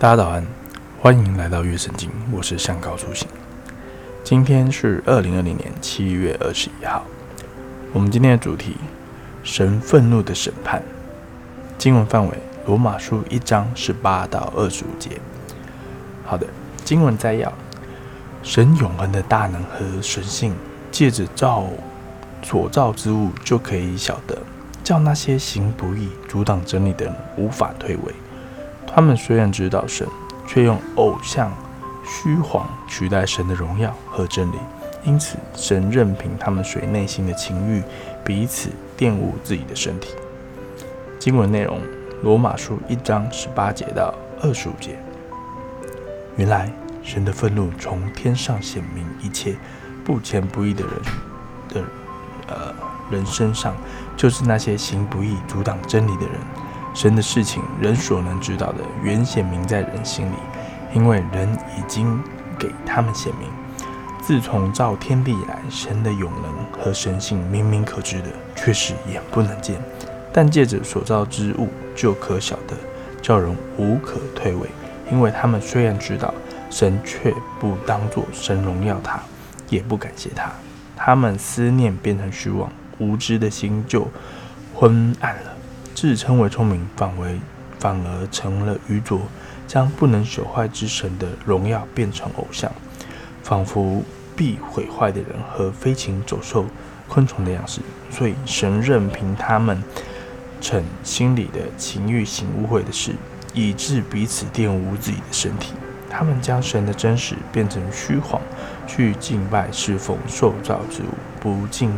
大家早安，歡迎來到樂聖經，我是向高出行。今天是二零二零年七月二十一號，我們今天的主題：神憤怒的審判。經文範圍：羅馬書一章十八到二十五節。好的，經文摘要：神永恆的大能和神性，借着造所造之物，就可以曉得，叫那些行不義、阻擋真理的人，無法推諉。他們雖然知道神，卻用偶像、虛謊取代神的榮耀和真理，因此神任憑他們隨內心的情欲彼此玷污自己的身體。經文內容：羅馬書一章十八節到二十五節。原來神的憤怒從天上顯明，一切不虔不義的人的呃、人身上，就是那些行不義、阻擋真理的人。神的事情，人所能知道的，原顯明在人心裡，因為人已經給他們顯明。自從造天地以來，神的永能和神性明明可知的，卻是眼不能見，但借着所造之物就可曉得，叫人無可推諉。因為他們雖然知道神，卻不當作神榮耀他，也不感謝他，他們思念變成虛妄，無知的心就昏暗了。自稱為聰明，反為反而成了愚拙，將不能朽壞之神的榮耀變成偶像，仿佛必毀壞的人和飛禽走獸、昆蟲的樣式。所以神任憑他們逞心裡的情欲，行污穢的事，以致彼此玷污自己的身體。他們將神的真實變成虛謊，去敬拜侍奉受造之物，不敬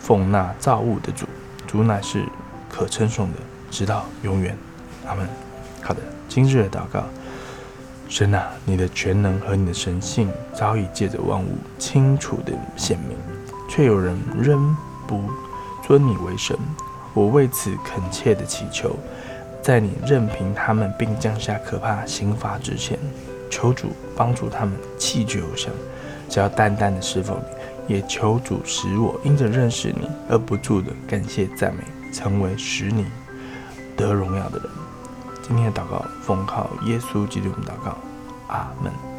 奉那造物的主。主乃是。可稱頌的，直到永遠。阿門。好的，今日的禱告：神啊，你的全能和你的神性早已借着萬物清楚的顯明，卻有人仍不尊你為神。我為此懇切的祈求，在你任憑他們並降下可怕刑罰之前，求主幫助他們棄絕偶像，只要單單的侍奉你；也求主使我因着認識你而不住的感謝讚美。成為使你得榮耀的人。今天的禱告，奉靠耶穌基督的名禱告，阿門。